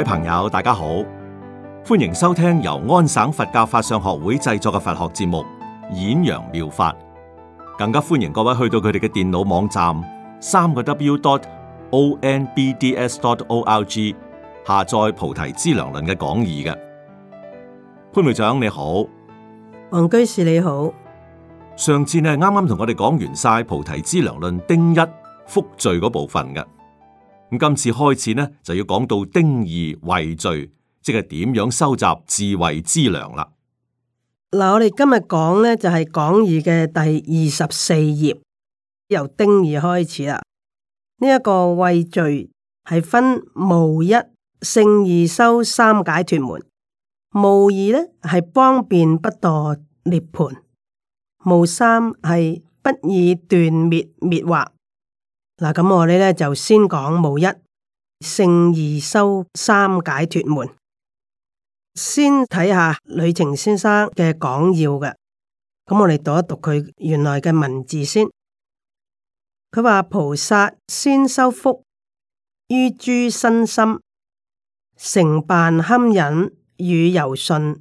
各位朋友，大家好，歡迎收聽由安省佛教法上學會製作嘅佛學節目《演揚妙，妙法》，更加歡迎各位去到佢哋嘅電腦網站三個 w.dot.o.n.b.d.s.dot.o.r.g 下載《菩提資糧論》嘅講義嘅。潘會長你好，王居士你好，上次咧啱啱同我哋講完晒《菩提資糧論》丁一復罪嗰部分嘅。咁今次開始呢，就要講到丁二慧聚，即係點樣收集智慧之糧啦。嗱，我哋今日講呢就係、是、講義嘅第二十四頁，由丁二開始啦。呢、這、一個慧聚係分無一聖二收三解脫門。無二呢係方便不墮涅槃，無三係不以斷滅滅惑。嗱，咁、啊嗯、我哋咧就先講無一性二修三解脱門，先睇下呂澂先生嘅講要嘅。咁、嗯、我哋讀一讀佢原來嘅文字先。佢話菩薩先修福於諸身心，成辦堪忍與柔順，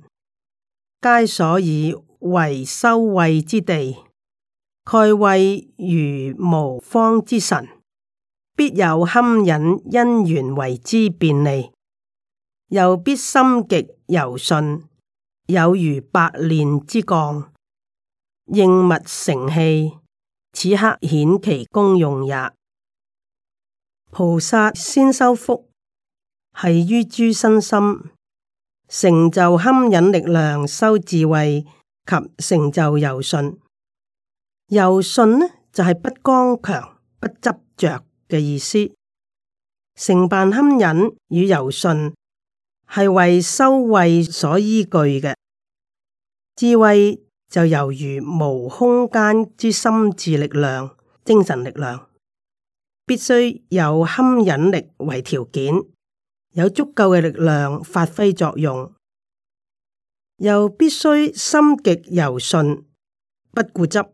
皆所以為修慧之地。蓋謂如無方之神，必有堪忍因緣為之便利，又必心極柔順，有如百煉之鋼，應物成器。此刻顯其功用也。菩薩先修福，係於諸身心，成就堪忍力量，修智慧及成就柔順。柔順呢就係不剛強、不執着嘅意思。成辦堪忍與柔順係為修慧所依據嘅智慧，就猶如無空間之心智力量、精神力量，必須有堪忍力為條件，有足夠嘅力量發揮作用，又必須心極柔順，不固執。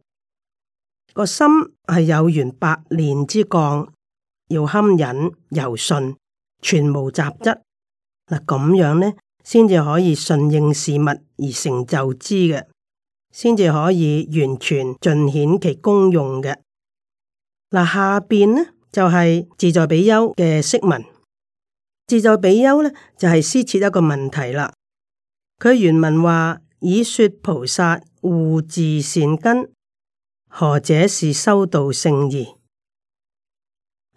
個心係有緣百年之鋼，要堪忍柔順，全無雜質。嗱，咁樣呢，先至可以順應事物而成就之嘅，先至可以完全盡顯其功用嘅。嗱，下邊呢就係、是、自在比丘嘅釋文。自在比丘呢就係施設一個問題啦。佢原文話：以說菩薩護自善根。何者是修道聖義？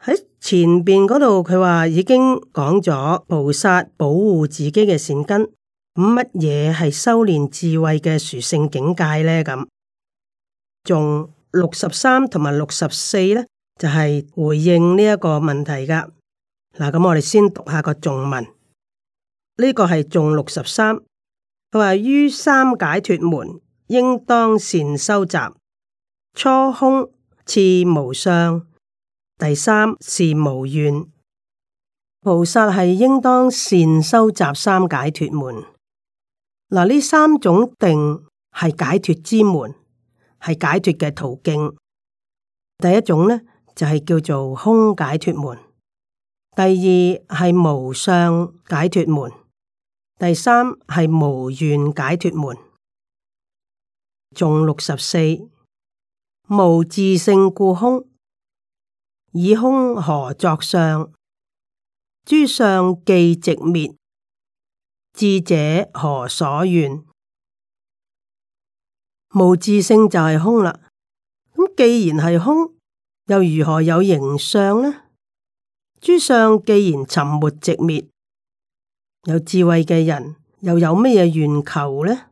喺前邊嗰度佢話已經講咗菩薩保護自己嘅善根，乜嘢係修煉智慧嘅殊勝境界呢？」咁頌六十三同埋六十四呢，就係、是、回應呢一個問題噶。嗱，咁我哋先讀下個頌文，呢、這個係頌六十三，佢話於三解脫門，應當善收集。初空，次無相，第三是無願。菩薩係應當善收集三解脱門。嗱，呢三種定係解脱之門，係解脱嘅途徑。第一種呢，就係、是、叫做空解脱門，第二係無相解脱門，第三係無願解脱門。仲六十四。無智性故空，以空何作相？諸相既寂滅，智者何所願？無智性就係空啦，咁既然係空，又如何有形相呢？諸相既然沉沒寂滅，有智慧嘅人又有乜嘢願求呢？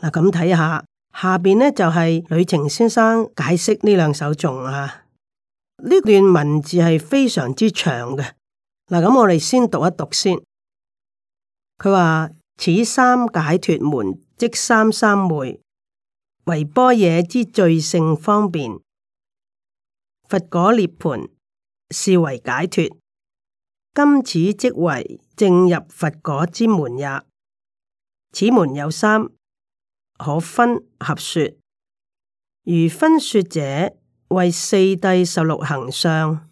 嗱，咁睇下。下面呢就係呂澄先生解釋呢兩首頌啊，呢段文字係非常之長嘅。嗱，咁我哋先讀一讀先。佢話：此三解脫門即三三昧，為般若之最勝方便。佛果涅盤是為解脫，今此即為正入佛果之門也。此門有三。可分合說，如分說者為四諦十六行相，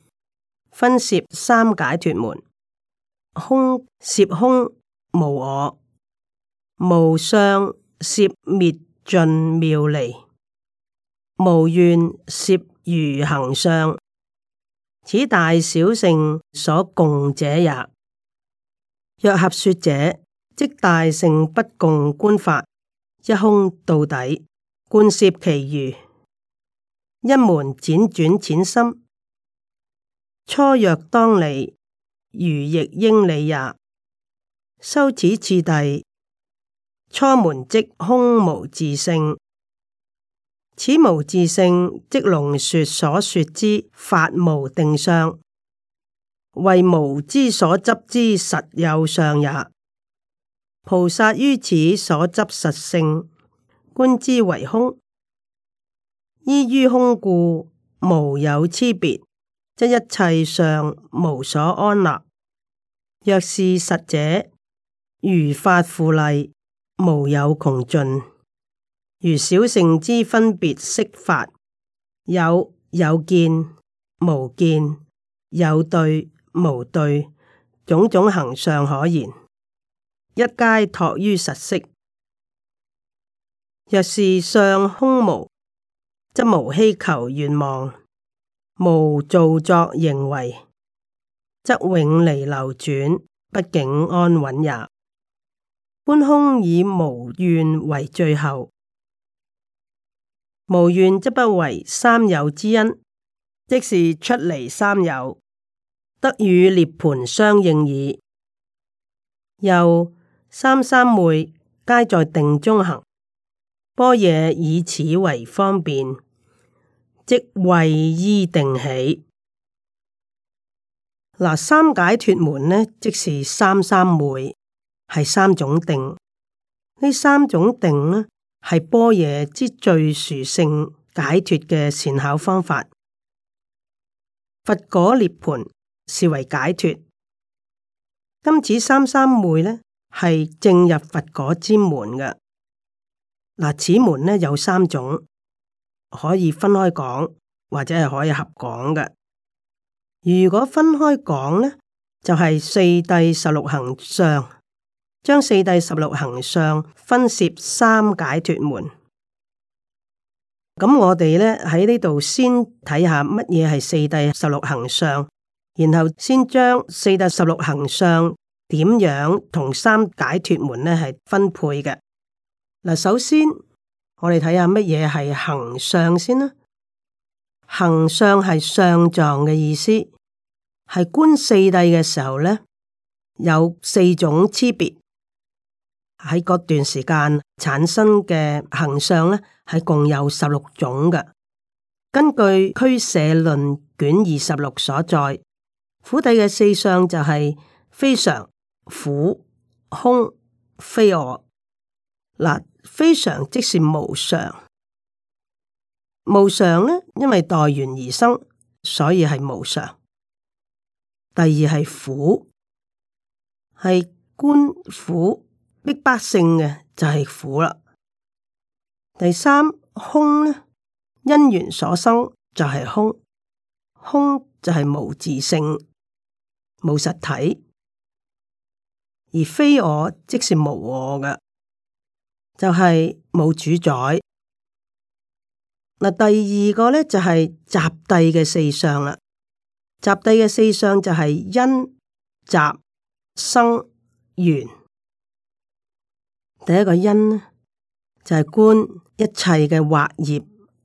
分攝三解脫門，空攝空無我，無相攝滅盡妙離，無願攝如行相，此大小乘所共者也。若合說者，即大乘不共觀法。一空到底，觀涉其餘；一門輾轉淺深，初若當理，如亦應理也。修此次第，初門即空無自性，此無自性，即龍說所說之法無定相，為無之所執之實有相也。菩薩於此所執實性，觀之為空。依於空故，無有差別，則一切上無所安立。若是實者，如法富麗，無有窮盡。如小乘之分別色法，有有見、無見，有對、無對，種種行相可言。一皆託於實色，若是上空無，則無希求願望，無造作認為，則永離流轉，畢竟安穩也。般空以無願為最後，無願則不為三有之因，即是出離三有，得與涅槃相應矣。又。三三昧皆在定中行，般若以此為方便，即為依定起。嗱，三解脱門呢，即是三三昧，係三種定。呢三種定呢，係般若之最殊勝解脱嘅善巧方法。佛果涅盤視為解脱，今此三三昧呢？係正入佛果之門嘅，嗱，此門呢，有三種可以分開講，或者係可以合講嘅。如果分開講呢，就係、是、四諦十六行相，將四諦十六行相分攝三解脱門。咁我哋呢喺呢度先睇下乜嘢係四諦十六行相，然後先將四諦十六行相。點樣同三解脱門呢？係分配嘅。嗱，首先我哋睇下乜嘢係行相先啦。行相係相狀嘅意思，係觀四諦嘅時候呢，有四種差別，喺嗰段時間產生嘅行相呢，係共有十六種嘅。根據《俱舍論》卷二十六所在，苦諦嘅四相就係非常。苦空非我，嗱非常，即是無常。無常呢，因為待緣而生，所以係無常。第二係苦，係觀苦逼迫性嘅就係苦啦。第三空呢，因緣所生就係空，空就係無自性，冇實體。而非我，即是無我嘅，就係、是、冇主宰。嗱，第二個呢，就係集諦嘅四相啦。集諦嘅四相就係因、集、生、緣。第一個因呢，就係、是、觀一切嘅惑業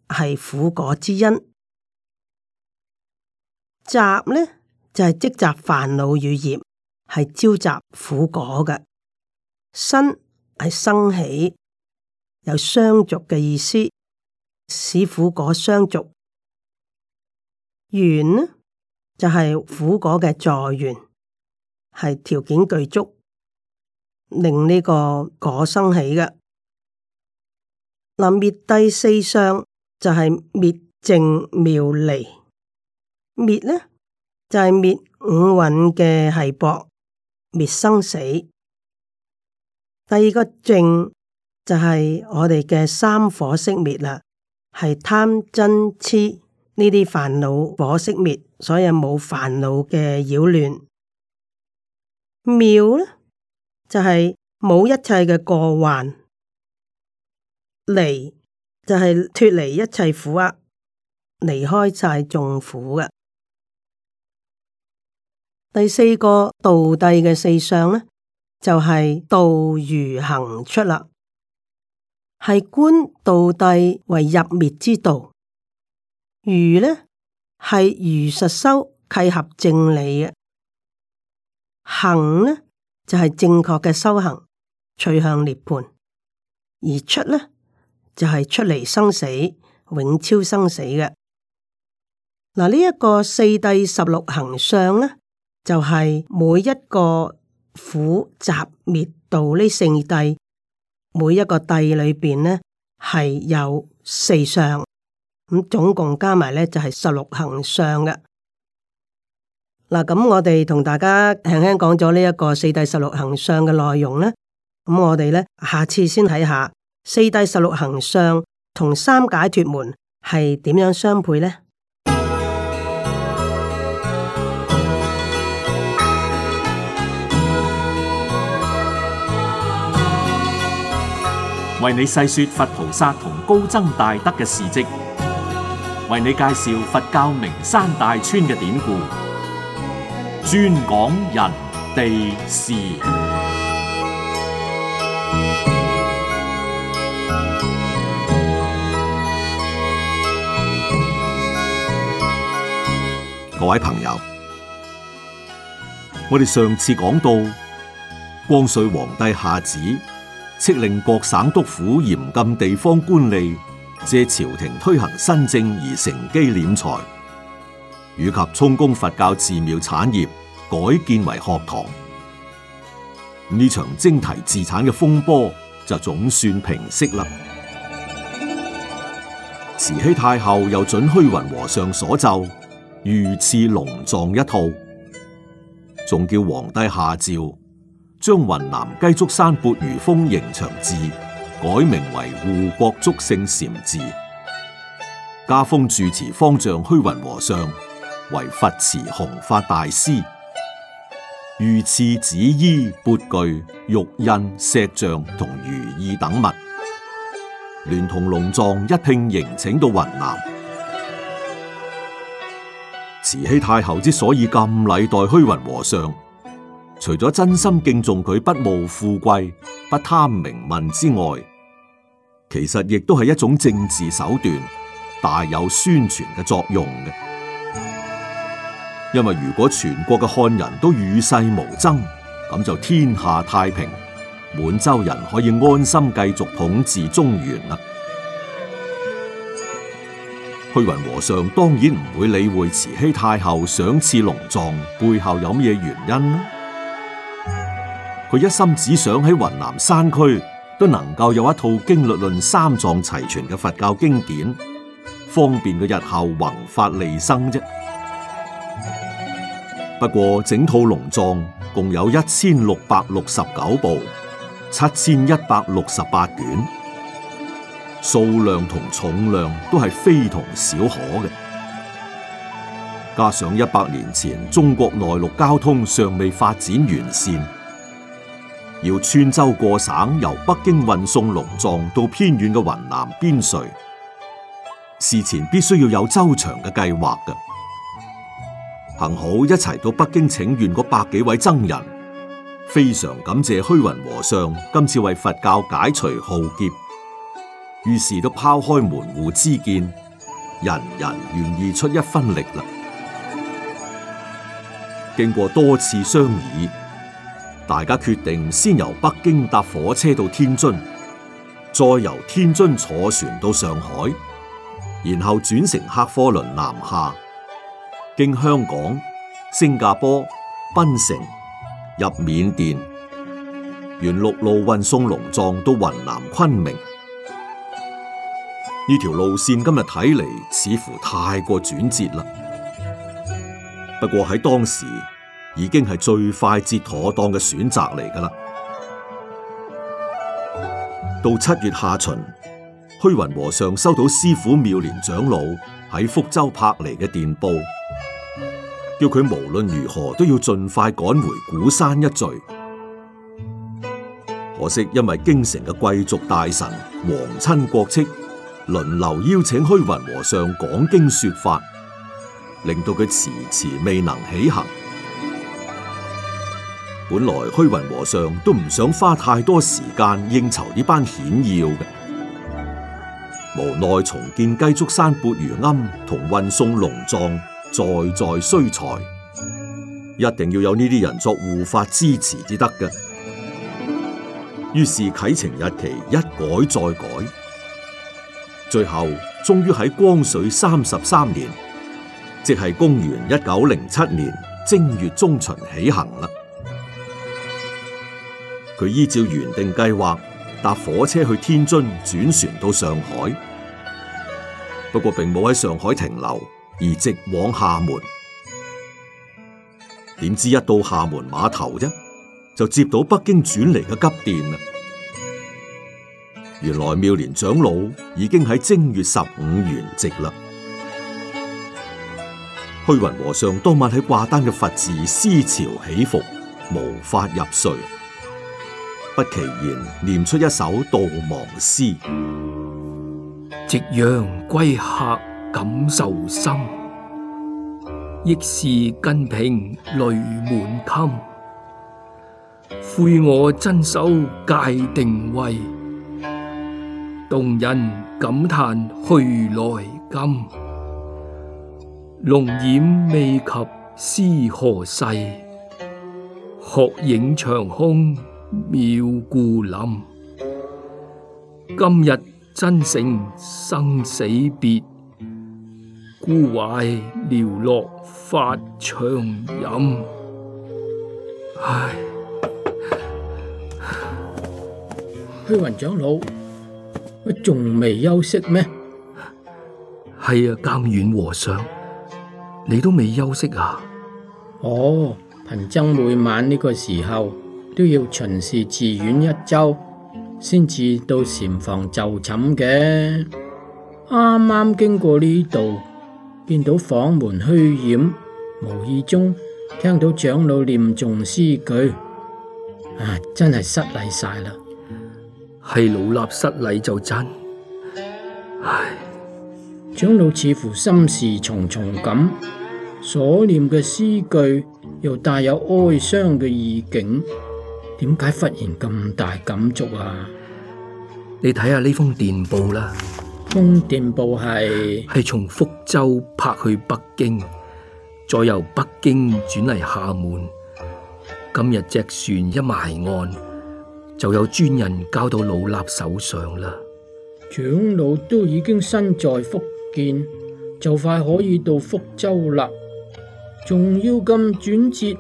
係苦果之因。集呢，就係積集煩惱與業。係招集苦果嘅。生，係生起，有相續嘅意思，使苦果相續。緣呢就係、是、苦果嘅助緣，係條件具足，令呢個果生起嘅。那滅諦四相就係滅正妙離。滅呢就係、是、滅五蘊嘅繫縛。滅生死，第二個正就係、是、我哋嘅三火熄滅啦，係貪嗔痴呢啲煩惱火熄滅，所以冇煩惱嘅擾亂。妙咧就係、是、冇一切嘅過患，離就係、是、脫離一切苦厄，離開晒眾苦嘅。第四個道諦嘅四相呢，就係、是、道如行出啦，係觀道諦為入滅之道，如呢係如實修契合正理嘅，行呢，就係、是、正確嘅修行趨向涅槃，而出呢就係、是、出離生死，永超生死嘅。嗱，呢一個四諦十六行相呢？就係每一個苦集滅道呢四諦，每一個諦裏邊呢係有四相，咁總共加埋呢就係十六行相嘅。嗱、嗯、咁、嗯、我哋同大家輕輕講咗呢一個四諦十六行相嘅內容呢。咁、嗯、我哋呢，下次先睇下四諦十六行相同三解脱門係點樣相配呢？為你細說佛菩薩同高僧大德嘅事跡，為你介紹佛教名山大川嘅典故，專講人地事。士各位朋友，我哋上次講到光緒皇帝下旨。斥令各省督府嚴禁地方官吏借朝廷推行新政而乘機斂財，以及充公佛教寺廟產業改建為學堂。呢場徵提自產嘅風波就總算平息啦。慈禧太后又准虛雲和尚所奏，御賜龍藏一套，仲叫皇帝下詔。將雲南雞足山鉢盂峰迎祥寺改名為護國祝聖禪寺。加封住持方丈虛雲和尚為佛慈弘法大師，御賜紫衣、鉢具、玉印、石像同如意等物，連同龍藏一併迎請到雲南。慈禧太后之所以咁禮待虛雲和尚，除咗真心敬重佢不慕富貴、不貪名聞之外，其實亦都係一種政治手段，大有宣傳嘅作用嘅。因為如果全國嘅漢人都與世無爭，咁就天下太平，滿洲人可以安心繼續統治中原啦。虛雲和尚當然唔會理會慈禧太后賞賜龍藏背後有咩原因。佢一心只想喺雲南山區都能夠有一套經律論三藏齊全嘅佛教經典，方便佢日後宏法利生啫。不過整套龍藏共有一千六百六十九部、七千一百六十八卷，數量同重量都係非同小可嘅。加上一百年前中國內陸交通尚未發展完善。要穿州過省，由北京運送龍藏到偏遠嘅雲南邊陲，事前必須要有周詳嘅計劃嘅。幸好一齊到北京請願嗰百幾位僧人，非常感謝虛雲和尚今次為佛教解除浩劫，於是都拋開門戶之見，人人願意出一分力啦。經過多次商議。大家決定先由北京搭火車到天津，再由天津坐船到上海，然後轉乘客貨輪南下，經香港、新加坡、檳城，入緬甸，沿陸路運送龍藏到雲南昆明。呢條路線今日睇嚟，似乎太過轉折啦。不過喺當時，已經係最快捷妥當嘅選擇嚟噶啦。到七月下旬，虛雲和尚收到師父妙蓮長老喺福州拍嚟嘅電報，叫佢無論如何都要盡快趕回鼓山一聚。可惜因為京城嘅貴族大臣、皇親國戚輪流邀請虛雲和尚講經說法，令到佢遲遲未能起行。本來虛雲和尚都唔想花太多時間應酬呢班顯要嘅，無奈重建雞足山鉢盂庵同運送龍藏，在在需財，一定要有呢啲人作護法支持至得嘅。於是啟程日期一改再改，最後終於喺光緒三十三年，即係公元一九零七年正月中旬起行啦。佢依照原定計劃搭火車去天津，轉船到上海。不過並冇喺上海停留，而直往廈門。點知一到廈門碼頭啫，就接到北京轉嚟嘅急電。原來妙蓮長老已經喺正月十五圓寂啦。虛雲和尚當晚喺掛單嘅佛寺思潮起伏，無法入睡。不期然，念出一首悼亡詩：夕陽歸客感受深，憶事根平淚滿襟。悔我真修界定位，動人感嘆去來今。龍眼未及思何世，鶴影長空。妙姑林，今日真成生死別，孤懷寥落發長吟。唉，虛雲長老，乜仲未休息咩？係啊，監院和尚，你都未休息啊？哦，貧僧每晚呢個時候。都要巡視寺院一周，先至到禪房就寢嘅。啱啱經過呢度，見到房門虛掩，無意中聽到長老念誦詩句，唉，真係失禮晒啦。係老衲失禮就真。唉，長老似乎心事重重咁，所念嘅詩句又帶有哀傷嘅意境。點解忽然咁大感觸啊？你睇下呢封電報啦。封電報係係從福州拍去北京，再由北京轉嚟廈門。今日隻船一埋岸，就有專人交到老衲手上啦。長老都已經身在福建，就快可以到福州啦，仲要咁轉折。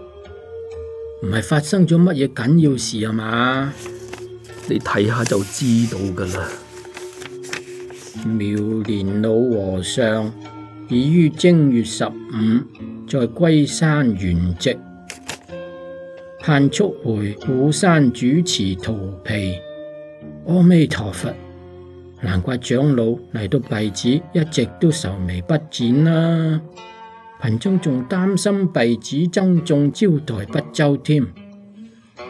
唔係發生咗乜嘢緊要事啊嘛？你睇下就知道噶啦。妙蓮老和尚已於正月十五在鼓山圓寂，盼速回鼓山主持荼毗。阿彌陀佛，難怪長老嚟到弟子一直都愁眉不展啦。人中仲擔心弟子爭眾招待不周添，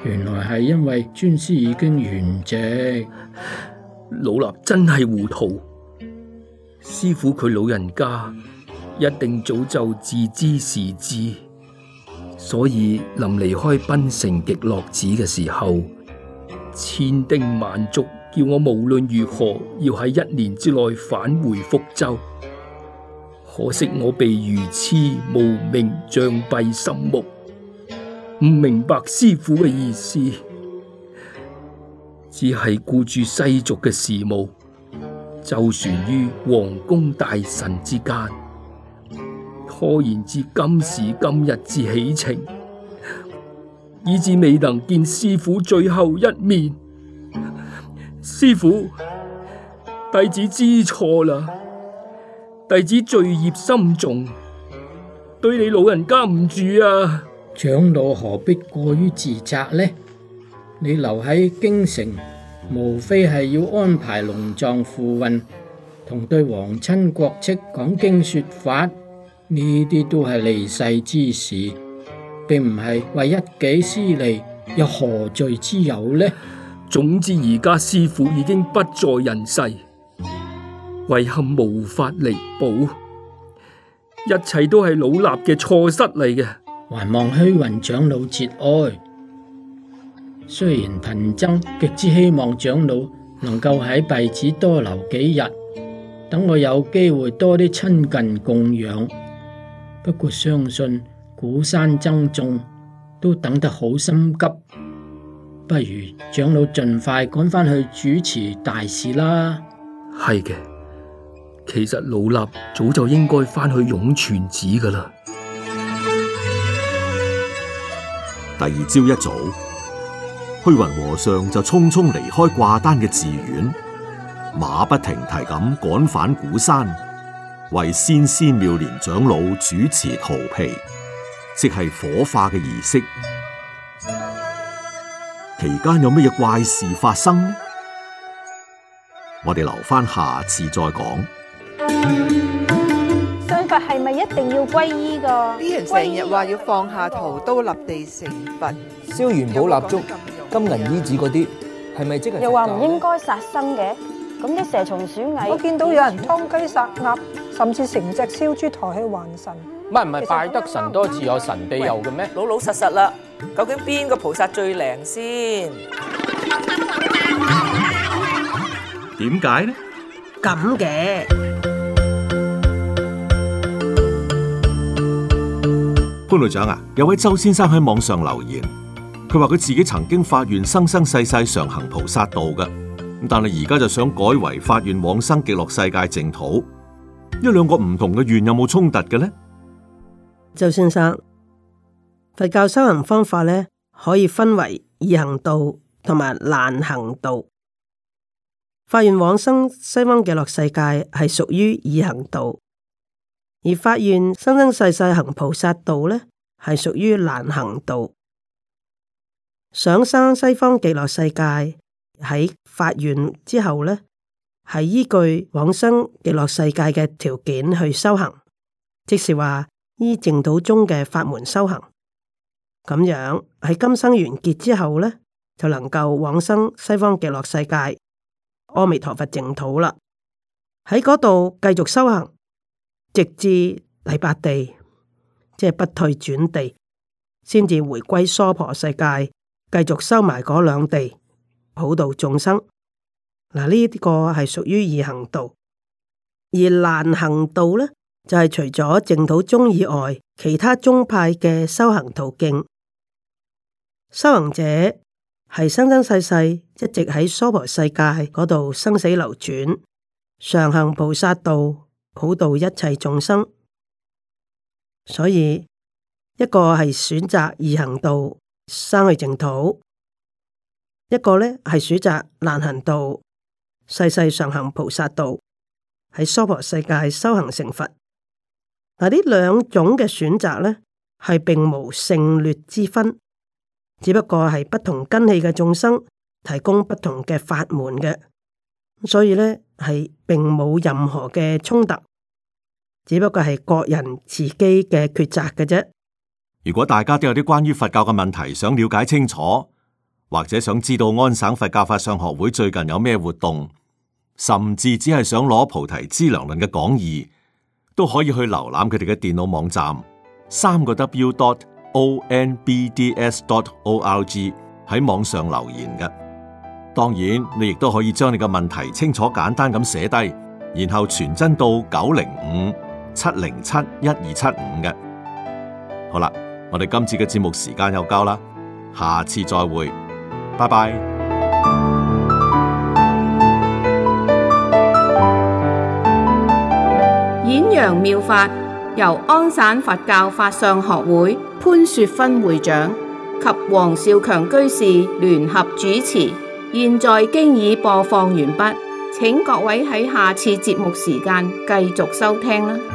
原來係因為尊師已經圓寂，老衲真係糊塗。師傅佢老人家一定早就自知時至，所以臨離開檳城極樂寺嘅時候，千叮萬囑叫我無論如何要喺一年之內返回福州。可惜我被愚癡、無明障蔽心目，唔明白師父嘅意思，只係顧住世俗嘅事務，周旋於皇宮大臣之間，拖延至今時今日之起程，以致未能見師父最後一面。師父，弟子知錯啦。弟子罪孽深重，對你老人家唔住啊！長老何必過於自責呢？你留喺京城，無非係要安排龍藏富運同對皇親國戚講經說法，呢啲都係利世之事，並唔係為一己私利，又何罪之有呢？總之，而家師父已經不在人世。遺憾無法彌補，一切都係老衲嘅錯失嚟嘅，還望虛雲長老節哀。雖然貧僧極之希望長老能夠喺弟子多留幾日，等我有機會多啲親近供養。不過相信鼓山僧眾都等得好心急，不如長老盡快趕返去主持大事啦。係嘅。其實老衲早就應該翻去湧泉寺噶啦。第二朝一早，虛雲和尚就匆匆離開掛單嘅寺院，馬不停蹄咁趕返鼓山，為先師妙蓮長老主持荼毗，即係火化嘅儀式。期間有乜嘢怪事發生？我哋留翻下，下次再講。信佛係咪一定要皈依噶？啲人成日話要放下屠刀立地成佛，燒元寶蠟燭、金銀衣紙嗰啲，係咪即係？又話唔應該殺生嘅，咁啲蛇蟲鼠蟻，我見到有人劏雞殺鴨，甚至成隻燒豬抬去還神。唔係唔係，拜得神多自有神庇佑嘅咩？老老實實啦，究竟邊個菩薩最靈先？點解呢？咁嘅。關隊長啊，有位周先生喺網上留言，佢話佢自己曾經發願生生世世常行菩薩道嘅，但係而家就想改為發願往生極樂世界淨土，呢兩個唔同嘅願有冇衝突嘅呢？周先生，佛教修行方法咧，可以分為易行道同埋難行道，發願往生西方極樂世界係屬於易行道。而發願生生世世行菩薩道呢，係屬於難行道。想生西方極樂世界喺發願之後呢，係依據往生極樂世界嘅條件去修行，即是話依淨土宗嘅法門修行。咁樣喺今生完結之後呢，就能夠往生西方極樂世界阿彌陀佛淨土啦。喺嗰度繼續修行。直至第八地，即係不退轉地，先至回歸娑婆世界，繼續收埋嗰兩地普度眾生。嗱，呢個係屬於易行道，而難行道咧，就係、是、除咗淨土宗以外，其他宗派嘅修行途徑。修行者係生生世世一直喺娑婆世界嗰度生死流轉，常行菩薩道。普渡一切眾生，所以一個係選擇易行道生去淨土，一個咧係選擇難行道，世世常行菩薩道喺娑婆世界修行成佛。嗱，呢兩種嘅選擇咧係並無勝劣之分，只不過係不同根器嘅眾生提供不同嘅法門嘅，所以咧係並冇任何嘅衝突。只不過係個人自己嘅抉擇嘅啫。如果大家都有啲關於佛教嘅問題想了解清楚，或者想知道安省佛教法相學會最近有咩活動，甚至只係想攞菩提資糧論嘅講義，都可以去瀏覽佢哋嘅電腦網站，三個 3. W dot O N B D S dot O R G 喺網上留言嘅。當然，你亦都可以將你嘅問題清楚簡單咁寫低，然後傳真到九零五七零七一二七五嘅。好啦，我哋今次嘅節目時間又夠啦，下次再會，拜拜。演揚妙法由安省佛教法相學會潘雪芬會長及黃少強居士聯合主持，現在經已播放完畢，請各位喺下次節目時間繼續收聽啦。